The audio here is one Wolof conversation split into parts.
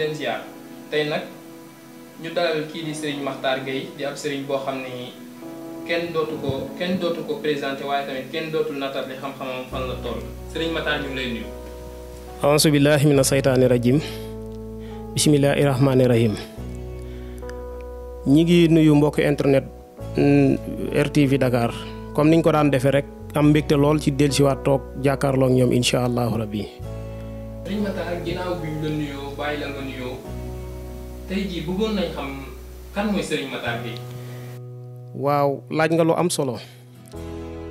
leen ziar tey nag ñu dalal kii di Serigne Makhtar gay di ab Serigne boo xam ni kenn dootu ko kenn dootu ko présenté waaye tamit kenn dootul natal li xam-xamam fan la toll Serigne Makhtar ñu ngi lay nuyu. aouzu billahi mina saytaani rajim bismillahi rahmaani rahim ñi ngi nuyu mbokk internet mm, RTV Dakar comme niñ ko daan defee rek am mbégte lool ci dellusiwaat toog jàkkaarloo ak ñoom incha allahu rabbi dañ ma taal ginnaaw bi ñu la nuyoo bàyyi la nga nuyoo tey jii bëggoon nañ xam kan mooy Serigne Matar Gueye. waaw laaj nga lu am solo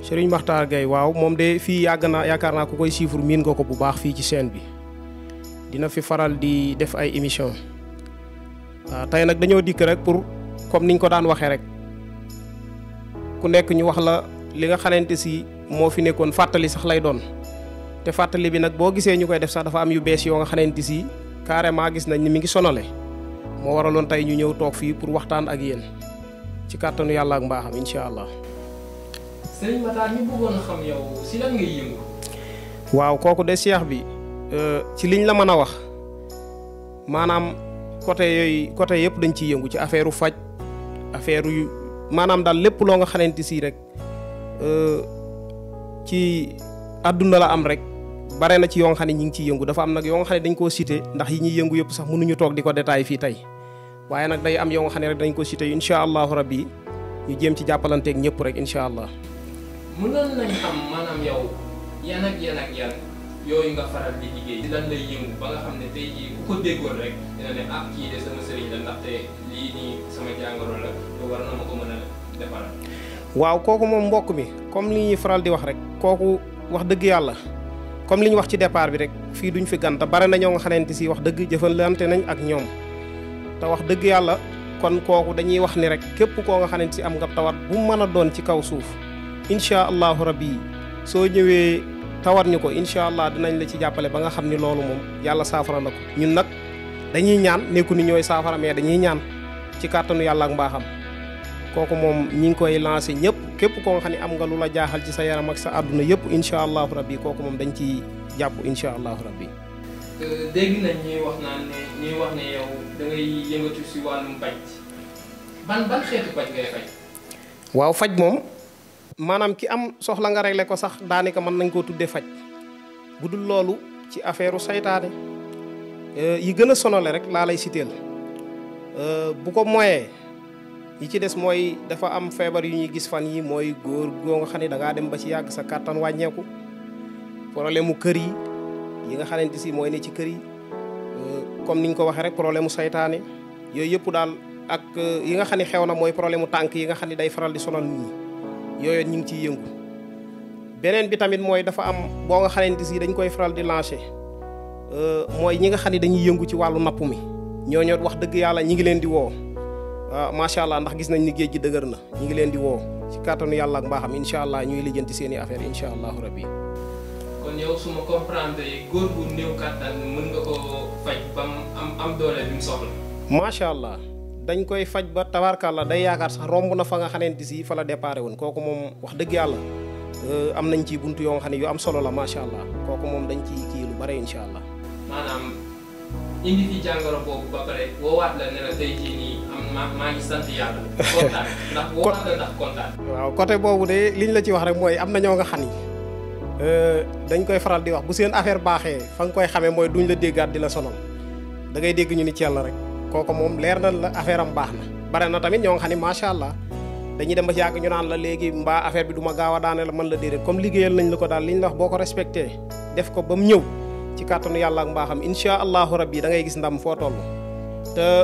Serigne Matar Gueye waaw moom de fii yàgg naa yaakaar naa ku koy suivre miin nga ko bu baax fii ci chaîne bi dina fi faral di def ay émission waaw tey nag dañoo dikk rek pour comme niñ ko daan waxee rek ku nekk ñu wax la li nga xamante si moo fi nekkoon fàttali sax lay doon te fàttali bi nag boo gisee ñu koy def sax dafa am yu bees yoo nga xamante si carrément gis nañ ni mi ngi sonale moo waraloon tey ñu ñëw toog fii pour waxtaan ak yéen ci kàttanu yàlla ak mbaaxam incha allah. Serigne Matar ñu bëggoon xam yow si lan ngay yëngu. waaw kooku de cheikh bi euh, ci liñ la mën a wax maanaam côté yooyu côté yëpp dañ ci yëngu ci affaireu u faj affaire yu maanaam daal lépp loo nga xamante si rek euh, ci àdduna la am rek. bare na ci yoo xam ne ñi ngi ciy yëngu dafa am nag yoo xam ne dañ koo cité ndax yi ñuy yëngu yëpp sax ñu toog di ko détaillé fii tey waaye nag day am yoo xam rek dañ ko cité incha allahu rabbi ñu jéem ci jàppalanteek ñëpp rek incha allah. mënoon nañ xam maanaam yow yan ak yan ak yan nga faral di liggéey. lan lay yëngu ba nga xam ne tey jii ko déggoon rek dina ne ah kii de sama sëriñ la ndaxte lii nii sama jàngoro la war na ma ko mën kooku moom mbokk mi comme li ñuy faral di wax rek kooku wax dëgg yàlla comme li ñu wax ci départ bi rek fii duñ fi ganta bare na nga xamante si wax dëgg jëfalante nañ ak ñoom te wax dëgg yàlla kon kooku dañuy wax ni rek képp koo nga xamante si am nga tawat bu mën a doon ci kaw suuf incha allahu rabbi soo ñëwee tawat ñu ko incha allah dinañ la ci jàppale ba nga xam ni loolu moom yàlla saafara na ko ñun nag dañuy ñaan nekku ni ñooy saafara mais dañuy ñaan ci kàttanu yàlla ak mbaaxam kooku moom ñu ngi koy lancé ñëpp képp koo xam ne am nga lu la jaaxal ci sa yaram ak sa àdduna yëpp incha allahu rabbi kooku moom dañ ci jàpp incha allahu rabbi. Euh, dégg nañ ñuy wax naan ñuy wax ne yow da yëngatu si wàllum paj ban ban xeetu paj ngay faj. waaw faj moom maanaam ki am soxla nga réglé ko sax daanaka mën nañ koo tuddee faj bu dul loolu ci affaire saytaane euh, yi gën a sonole rek laa lay citeel euh, bu ko moyee. yi ci des mooy dafa am feebar yu ñuy gis fan yi mooy góor goo nga xam ne da ngaa dem ba ci yàgg sa kàttan wàññeeku problème mu kër yi yi nga xamante si mooy ne ci kër yi euh, comme ni ko waxee rek problème mu saytaane yooyu yëpp daal ak euh, yi nga xam ne xew na mooy problème mu tànk yi nga xam ne day faral di sonal nit ñi yooyu ñu ngi ciy yëngu beneen bi tamit mooy dafa am boo nga xamante dañ koy faral di lancé euh, mooy ñi nga xam ne dañuy yëngu ci wàllu napp mi ñoo wax dëgg yàlla ñi ngi leen di woo Ah, macha allah ndax gis nañ ni géej gi dëgër na ñu ngi leen di woo ci kàttanu yàlla ak mbaaxam incha allah ñuy lijjanti seen i affaire incha allahu rabbi kon yow su ma comprendre góor bu néew kàttan mën nga ko faj ba allah dañ koy faj ba tabarkàlla day yaakaar sax romb na fa nga xamante si fa la déparé woon kooku moom wax dëgg yàlla euh, am nañ ci buntu yoo nga xam ne yu am solo la macha allah kooku moom dañ ci kii lu bare incha allah. maanaam indi fi jàngoro maa ngi sant waaw côté boobu de liñ la ci wax rek mooy am na ñoo nga xam ni euh, dañ koy faral di wax bu seen affaire baaxee fa nga koy xamee mooy duñ la déggaat di la sonal da ngay dégg ñu ni ci la rek kooku moom leer na la affaire am baax na bare na tamit ñoo nga xam ni macha allah dañuy dem ba ci yàgg ñu naan la léegi mbaa affaire bi du ma gaaw a la mën la déedéet comme liggéeyal nañ la ko daal liñ la wax boo ko respecté def ko ba mu ñëw ci kàttanu yàlla ak mbaaxam incha allahu rabbi da ngay gis ndam foo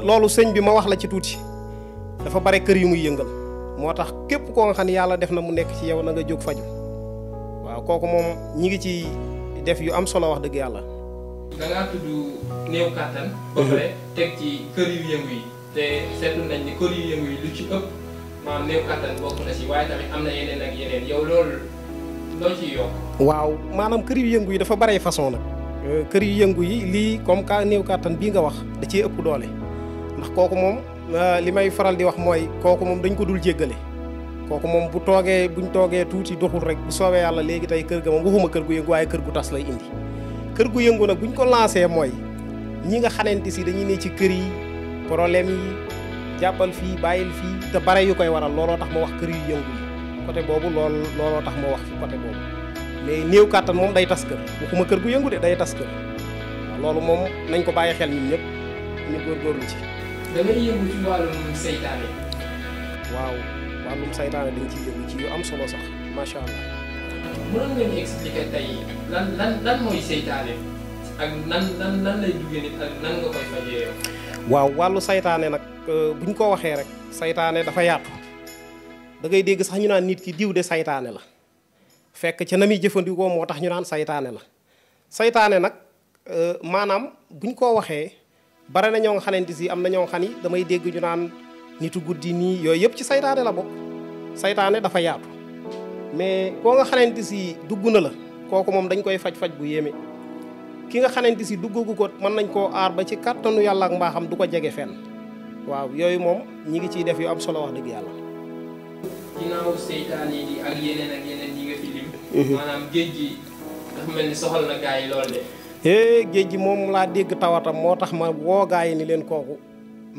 loolu sëñ bi ma wax la ci tuuti dafa bare kër yu muy yëngal moo tax képp koo nga xam yàlla def na mu nekk ci yow nanga jóg faju waaw kooku moom ñi ngi ci def yu am solo wax dëgg yàlla. da ngaa tudd néew kàttan. ba mhm. teg ci kër yu yëngu yi. te seetlu nañ ni kër yu yëngu yi lu ci ëpp maanaam néew kàttan bokk na si waaye tamit am na yeneen ak yeneen yow loolu loo ciy yokk. waaw maanaam kër yu yëngu yi dafa bare façon nag. Euh, kër yu yëngu yi lii comme ka néew kàttan bii nga wax da cee ëpp doole ndax kooku moom euh, li may faral di wax mooy kooku moom dañ ko dul jéggale kooku moom bu toogee buñ toogee tuuti doxul rek bu soobee yàlla léegi tey kër ga moom waxuma kër gu yëngu waaye kër gu tas la indi kër gu yëngu nag buñ ko lancé mooy ñi nga xamante si dañuy ne ci kër yi problème yi jàppal fii bàyyil fii te bare yu koy waral looloo tax ma wax kër yu yëngu yi côté boobu lool looloo tax ma wax fi côté boobu mais néew kàttan moom day tas kër ma kër gu yëngu de day tas kër loolu moom nañ ko bàyyi xel ñun ñëpp ñu góorgóorlu ci. da ngay yëngu ci wàllum saytaane. ci yu am solo sax macha allah. mënoon nga nga koy fajee yow. waaw wàllu seytaane nag euh, buñ ko waxee rek seytaane dafa yàq da ngay dégg sax ñu naan nit ci diw de seytaane la. fekk ca na muy jëfandikoo moo tax ñu naan saytaane la saytaane nag euh, maanaam buñ ko waxee bare na ñoo nga xamante si am na ñoo xam ni damay dégg ñu naan nitu guddi nii yooyu yëpp ci saytaane la bokk saytaane dafa yaatu mais koo xamante si dugg na la kooku moom dañ koy faj-faj bu yéeme ki nga xamante si duggagu ko mën nañ koo aar ba ci kàttanu yàlla ak mbaaxam du ko jege fenn waaw yooyu moom ñi ngi ciy def yu am solo wax dëgg yàlla di ak yeneen ak yeneen Mhm. maanaam géej gi dafa mel soxal na gaa lool de. hee eh, géej gi moom laa dégg tawatam moo tax ma woo gaa ni leen kooku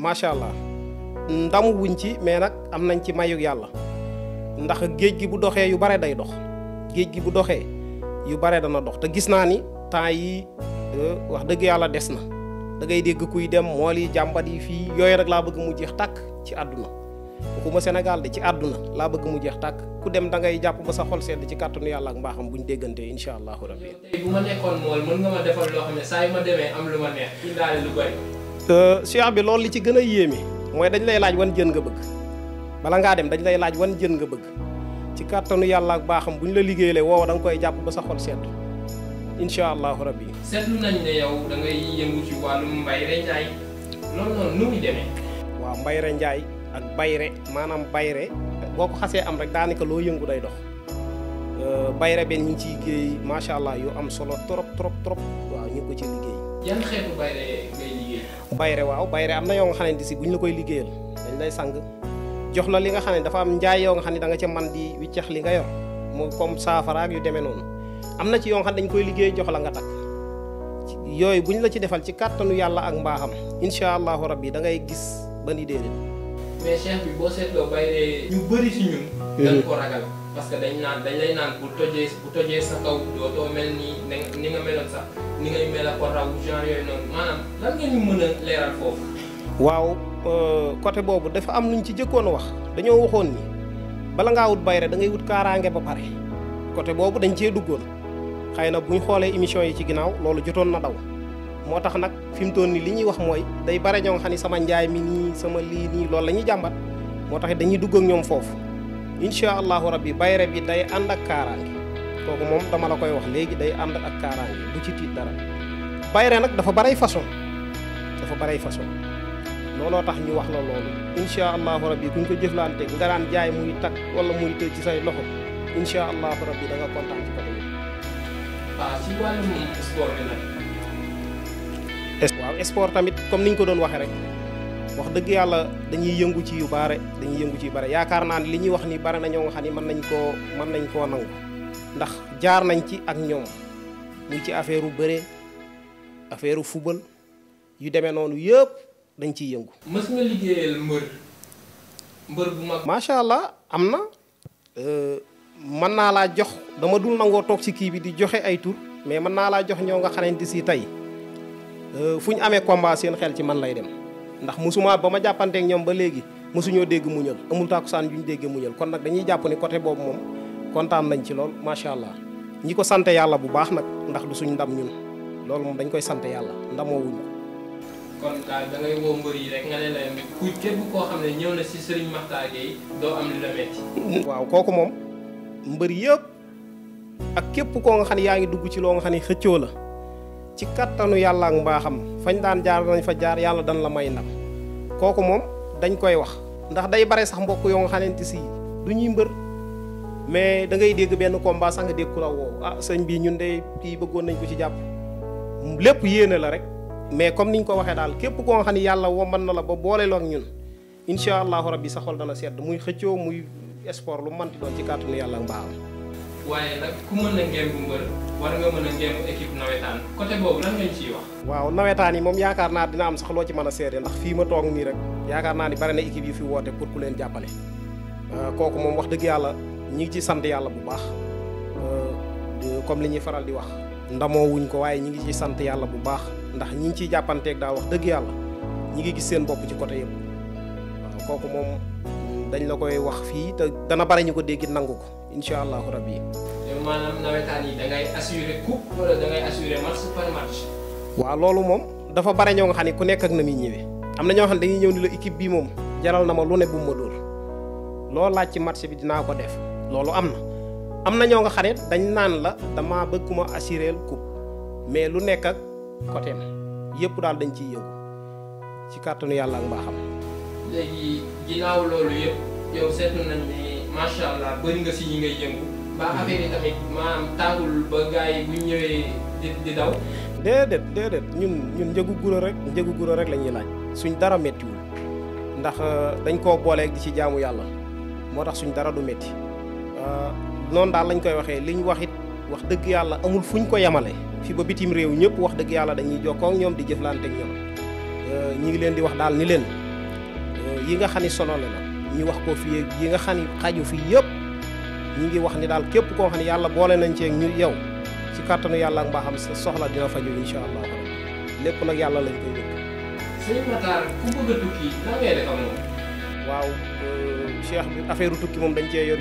macha allah ndamu wuñ ci mais nag am nañ ci mayu yàlla ndax géej gi bu doxee yu bare day dox géej gi bu doxee yu bare dana dox te gis naa ni temps yi eh, wax dëgg yàlla des na da ngay dégg kuy dem mool yi jàmbat yi fii yooyu rek laa bëgg mu jeex tàkk ci àdduna. waxuma Sénégal de ci àdduna laa bëgg mu jeex tàkk ku dem da ngay jàpp ba sa xol sedd ci kàttanu yàlla ak mbaaxam bu ñu déggantee incha allahu rabbi. xam ne saa ma demee am euh, cheikh bi loolu li ci gën a yéeme mooy dañ lay laaj wan jën nga bëgg bala ngaa dem dañ lay laaj wan jën nga bëgg ci kàttanu yàlla ak baaxam bu ñu la liggéeyee woowa da koy jàpp ba sa xol sedd incha allahu rabbi. seetlu nañ ne yow da ngay yëngu ci mbay re njaay loolu nu muy demee. waaw mbay re ak bayre maanaam bayre boo ko xasee am rek daanaka loo yëngu day dox euh, bayre benn ñu ngi ciy liggéey macha allah yu am solo trop trop trop waaw ñu ko ci liggéey. bayre waaw bayre am na yoo nga xamante si buñ la koy liggéeyal dañ lay sang jox la li nga xam ne dafa am njaay yoo nga xam ne da nga ca man di wiccax li nga yor mu comme saafaraak yu demee noonu am na ci yoo nga dañ koy liggéey jox la nga takk yooyu bu la ci defal ci kàttanu yàlla ak mbaaxam incha allahu rabbi gis mais cheikh bi boo seetloo bayre ñu bëri si ñun. dañ ko ragal parce que dañ naan dañ lay naan bu tojee bu tojee sa mel nii ni nga meloon sax ni ngay ñu mën a leeral foofu. waaw euh, côté boobu dafa am luñ ci jëkkoon wax dañoo waxoon ni bala ngaa wut bayre da ngay wut kaaraange ba pare côté boobu dañ cee duggoon xay na buñ xoolee émission yi ci ginnaaw loolu jotoon na daw. motax nak fim fi mu ni li wax moy day bare ñong xani sama njaay mi ni sama li ni lool lañuy jambat motax dañuy dugg ak ñom fofu inshallah rabbi bayre bi day and ak karangi koku mom dama la koy wax legi day and ak karangi bu ci tit dara bayre nak dafa bare façon dafa bare façon lolo tax ñu wax la lool inshallah rabbi buñ ko jëflante nga daan jaay muy tak wala muy te ci say loxo inshallah rabbi da nga ci ko sport bi sport tamit comme niñ ko doon waxee rek wax dëgg yàlla dañuy yëngu ci yu bare dañuy yëngu ci yu bare yaakaar naa ne li ñuy wax ni bare na ñoo nga xam mën nañ koo mën nañ koo nangu ndax jaar nañ ci ak ñoom ñu ci affaire u bëre affaire u yu demee noonu yëpp dañ ciy yëngu. mës nga liggéeyal mbër mbër bu mag. macha allah am na euh, mën naa laa jox dama dul nangoo toog ci kii bi di joxe ay tur mais mën naa laa jox ñoo nga xamante si tey. Euh, fu ñu amee combat seen xel ci man lay dem ndax musumaa ba ma jàppanteek ñoom ba léegi mosuñoo dégg muñal amul tàkkusaan juñ déggee muñal kon nag dañuy jàpp ni côté boobu kontaan nañ ci lool macha allah ñi ko sant yàlla bu baax nag ndax du suñ ndam ñun loolu moom dañ koy sant yàlla ndamoowuñu kon daal da woo mbër yi rek nga ne leen ku képp koo xam ne ñëw na si Serigne Makhtar Gueye doo am lu la metti waaw kooku moom mbër yëpp ak képp koo nga xam ne yaa ngi dugg ci loo nga xam ne xëccoo la ci kattanu yàlla ak xam fañ daan jaar nañ fa jaar yàlla dana la may ndam kooku moom dañ koy wax ndax day bare sax mbokk yoo nga xamante si du ñuy mbër mais da ngay dégg benn combat sax nga dégg ku la woo ah sañ bii ñun de kii bëggoon nañ ko ci jàpp lépp yéene la rek mais comme niñ ko waxee daal képp koo xam ne yàlla womban na la ba booleloo ak ñun incha allahu rabbi sa xol dana sedd muy xëccoo muy sport lu manti doon ci kàttanu yàlla ak mbaaxam waaye nag ku mën a ngémb mbër war nga mën a ngémb équipe nawetaan côté boobu lan ngañ ciy wax. waaw nawetaan yi moom yaakaar naa dina am sax loo ci mën a seede ndax fii ma toog mii rek yaakaar naa ni bari na équipe yi fi woote pour ku leen jàppale euh, kooku moom wax dëgg yàlla ñi ngi ciy sant yàlla bu baax euh, comme li ñuy faral di wax ndamoo wuñ ko waaye ñi ngi sant yàlla bu baax ndax ñi ngi ciy jàppanteeg daa wax dëgg yàlla ñi ngi gis seen bopp ci côté yëpp waaw kooku moom dañ la koy wax fii te dana bari ñu ko gis nangu ko incha allahu rabbi. maanaam nawetaan yi da ngay assurer coupe wala da ngay par match. waaw loolu moom dafa bare ñoo nga xam ku nekk ak na mi ñëwee am na ñoo xam ne dañuy ñëw ni la équipe bii moom jaral na ma lu ne bu ma loolu laaj ci match bi dinaa ko def loolu am na am na ñoo nga xam dañ naan la dama bëgg ku ma assurer mais lu nekk ak côté yëpp daal dañ ciy yëngu ci kàttanu yàlla ak mbaaxam. léegi ginnaaw loolu yëpp yow seetlu nañ ni macha allah bëri nga si ñi ngay yëngu. ba affaire yi tamit maanaam tàngul ba gars bu ñëwee di di daw. déedéet déedéet ñun ñun njëgu guro rek njëgu guro rek la ñuy laaj suñ dara méttiwul ndax euh, dañ koo booleeg ci jaamu yàlla moo tax suñ dara du métti euh, noonu daal lañ koy waxee liñ wax it wax dëgg yàlla amul fuñ ko yemale fi ba bitim réew ñëpp wax dëgg yàlla dañuy jokkoo ñoom di jëflante ak ñoom euh, ñi ngi leen di wax daal ni leen yi nga xam ni solo la ñi wax ko fii yi nga xam ne xaju fii yëpp ñi ngi wax ni daal képp koo xam ne yàlla boole nañ ceeg ñu yow ci kàttanu yàlla ak mbaaxam sa soxla dina faju incha allah lépp nag yàlla lañ koy bi euh, affaire tukki moom dañ cee yor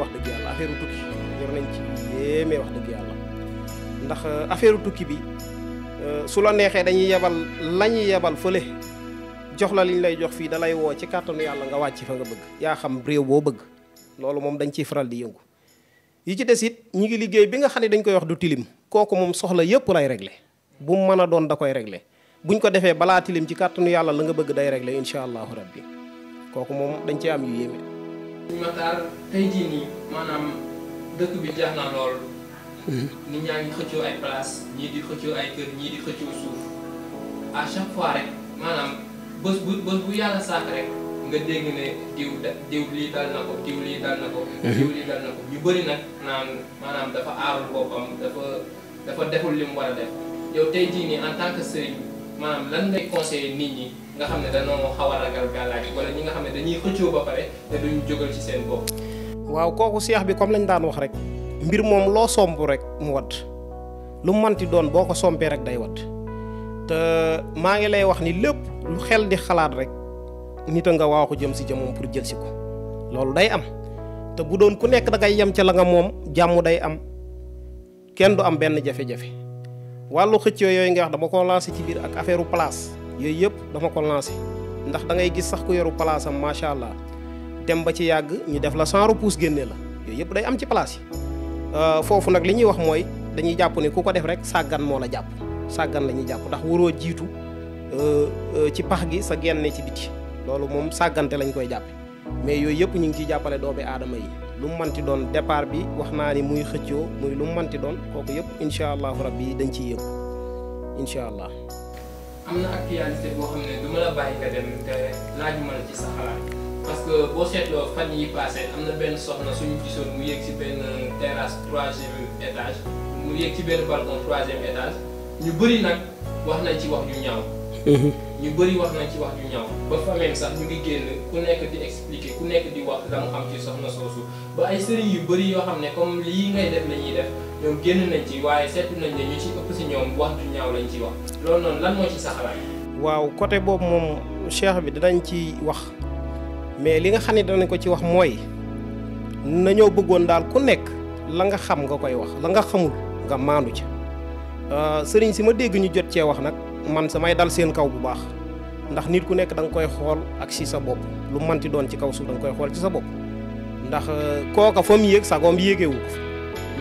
wax dëgg nañ ci yéeme wax dëgg yàlla affaire euh, tukki bi euh, su la neexee dañuy yebal lañuy yebal fële. jox la liñ lay jox fii dalay woo ci kàttanu yàlla nga wàcc fa nga bëgg yaa xam réew boo bëgg loolu moom dañ ciy faral di yëngu yi ci des it ñu ngi liggéey bi nga xam ne dañ koy wax du tilim kooku moom soxla yëpp lay réglé bu mu mën a doon da koy réglé buñ ko defee balaa tilim ci kàttanu yàlla la nga bëgg day réglé incha allahu rabbi kooku moom dañ ci am yu yéeme. suñu dëkk bi jeex na lool. Hmm. nit ñaa ngi xëccoo ay place ñii di xëccoo ay kër ñii di xëccoo bés bu bés bu yàlla sàkk rek nga dégg ne diw diw lii diw lii dal na ko. diw lii dal na ko ñu mhm. bëri nag maanaam dafa aarul boppam dafa dafa deful li mu yow tey jii en tant que sëriñ maanaam lan ngay conseiller nit ñi nga xam ne dañoo xaw a ragal gàllaaj wala ñi nga xam ne dañuy xëccoo ba pare te duñ jógal ci seen bopp. waaw kooku seex bi comme lañ daan wax rek. mbir moom loo somb rek mu wadd lu manti doon boo ko sompee rek day wadd te maa ngi lay wax ni lépp lu xel di xalaat rek nit nga jëm si jëmum pour jël si ko loolu day am te bu doon ku nekk ngay yem ca la nga moom jàmm day am kenn du am benn jafe-jafe wàllu xëccoo yooyu nga wax dama ko lancé ci biir ak affaire place yooyu yëpp dama ko lancé ndax da ngay gis sax ku yoru place am macha allah dem ba ci yàgg ñu def la sans repousse génne la yooyu yëpp day am ci place yi euh, foofu nag li ñuy wax mooy dañuy jàpp ni ku ko def rek sàggan moo la jàpp. sàggan la ñuy jàpp ndax waroo jiitu euh, euh, ci pax gi sa gen genn ci biti loolu moom sàggante lañ koy jàpp mais yooyu yëpp ñu ngi ciy jàppale doomi aadama yi lu mu manti doon départ bi wax naa ni muy xëccoo muy lu mu manti doon kooku yëpp incha allahu rabbi yi dañ ciy yëpp incha allah am na actualité boo xam ne du ma la bàyyi nga dem te laajuma ci sa xalaat parce que boo seetloo fan yi passé am na benn soxna suñu gisoon mu yéeg ci benn terrasse troisième étage mu yéeg ñu bëri nag wax lañ ci wax ju ñaaw. Mhm. ñu bëri wax na ci wax ju ñaaw ba famille sax ñu ngi génn ku nekk di expliquer ku nekk di wax la mu xam ci soxna soosu ba ay sëriñ yu bëri yoo xam ne comme lii ngay def la def ñoom génn nañ ci waaye seetlu nañ ne ci ëpp si ñoom wax ju ñaaw lañ ci wax loolu noonu lan moo ci saxalaat. waaw côté boobu moom cheikh bi danañ ci wax mais li nga xam ne danañ ko ci wax mooy nañoo bëggoon daal ku nekk la nga xam nga koy wax la nga xamul nga Euh, sëriñ si ma dégg ñu jot cee wax nag man samay dal seen kaw bu baax ndax nit ku nekk da nga koy xool ak si sa bopp lu manti doon ci kaw suuf da koy xool ci sa bopp ndax euh, kooka fa mu yéeg sagoom yéegeewu ko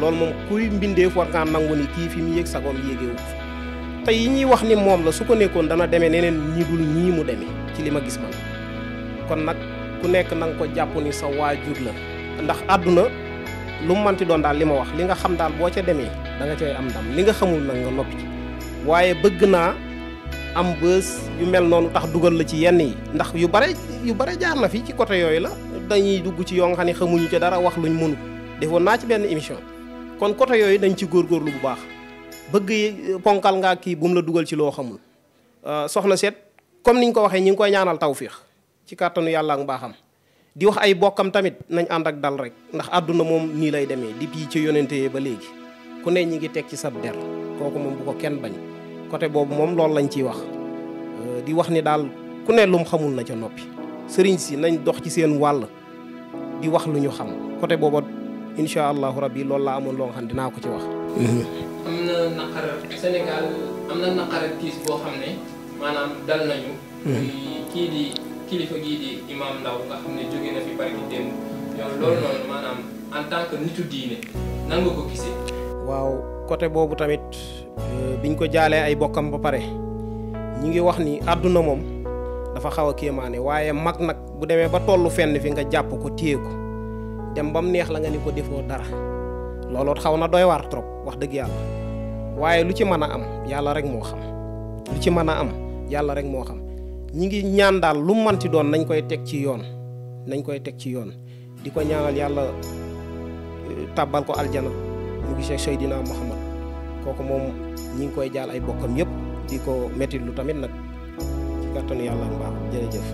loolu moom kuy mbindeef war ngaa nangu ni kii fi mu yéeg sagoom yéegeewu ko te yi ñuy wax ni moom la su ko nekkoon dana demee neneen ñi dul ñii mu demee ci li ma gis kon nag ku nekk na nga ko jàpp ni sa waajur la ndax àdduna lu manti doon daal li ma wax li nga xam boo ca demee da nga cey am ndam li nga xamul nak nga nopi waaye bëgg na am bëss yu mel non tax dugal la ci yenn yi ndax yu bare yu bare jaar na fi ci côté yoy la dañuy dugg ci yong xani xamuñu ci dara wax luñ mënu defo na ci benn émission kon côté yoy dañ ci lubah. bu baax bëgg ponkal nga ki bu mu la dugal ci lo xamul euh, soxna set comme niñ ko waxe ñing koy ñaanal tawfiq ci kàttanu yalla ak mbaaxam di wax ay bokkam tamit nañ andak dal rek ndax aduna mom ni lay di depuis ci yonente ba légui ku ne ñi ngi teg ci sab der kooku moom bu ko kenn bañ côté boobu moom loolu lañ ciy wax euh, di wax ni daal ku ne lum xamul na ca noppi sëriñ si nañ dox ci seen wàll di wax lu ñu xam côté boobu incha allahu rabbi loolu laa amoon loo xam dinaa ko ci wax. am hmm. kii di kilifa gii di imaam Ndao nga xam ne jóge na fi bari ki yow loolu noonu maanaam en tant que diine nan nga ko gisee. waaw côté boobu tamit euh, biñ ko jaalee ay bokkam ba pare ñi ngi wax ni àdduna moom dafa xaw a kéemaane waaye mag nag bu demee ba tollu fenn fi nga jàpp ko téye ko dem bam neex la nga ni ko defoo dara xaw na doy war trop wax dëgg yàlla waaye lu ci mën am yàlla rek moo xam lu ci mën am yàlla rek moo xam ñi ngi ñaan daal lu manti doon nañ koy teg ci yoon nañ koy teg ci yoon di ko ñaanal yàlla euh, ko aljana mu gisee Seydina Muhammad kooku moom ñi ngi koy jaal ay bokkam yëpp di ko métti lu tamit nag ci kàttanu yàlla ak mbaax jërëjëf.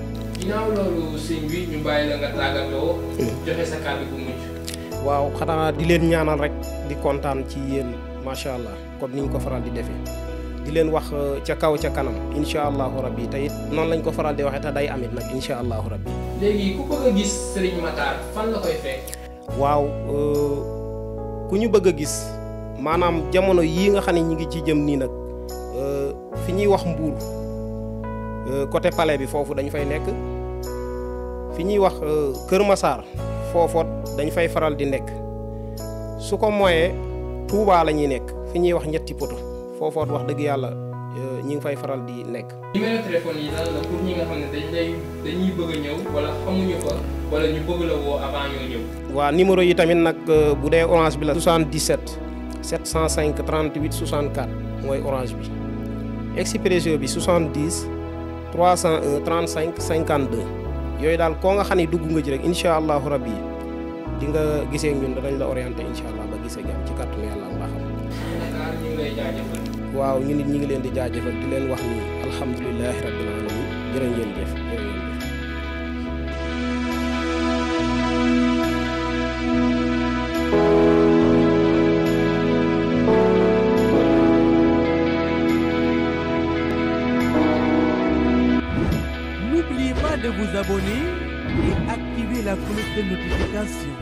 ginnaaw loolu sëñ bi ñu bàyyi la nga tàggatoo. Hmm. joxe sa kàddu bu mujj. waaw xanaa di leen ñaanal rek di kontaan ci yéen macha allah comme ni ko faral di defee di leen wax euh, ca kaw ca kanam incha allahu rabbi te noonu lañ ko faral di waxe te day amit nag incha allahu rabbi. léegi ku bëgg a gis Serigne Matar fan la koy fekk. waaw. Euh, ku ñu bëgg a gis maanaam jamono yii nga xam ne ñi ngi ci jëm nii nag euh, fi ñuy wax mbuur euh, côté palais bi foofu dañ fay nekk fi ñuy wax euh, Kër Massar foofoot dañ fay faral di nekk su ko mooyee Touba la ñuy nekk fi ñuy wax ñetti poto foofoot wax dëgg yàlla Euh, ñi ngi fay faral di nekk. numéro téléphone yi lan la pour ñi nga xam ne dañuy bëgg ñëw wala xamuñu ko wala ñu bëgg la woo avant ñoo ñëw. waa numéro yi tamit nag euh, bu dee orange bi la. 77 705 38 64 mooy orange bi Expresso bi 70 301 35 52 yooyu daal koo nga xam ne dugg nga ci rek incha allahu rabbi di nga gisee ñun danañ la orienté incha allah ba gisee jàmm ci kàttu yàlla bu waaw ñu nit ñi ngi leen di jaajëfal di leen wax ni alhamdulilahi rabbil alamin jërë ngeen jëf jërë ngeen jëf N'oubliez pas de vous abonner et activer la cloche de notification.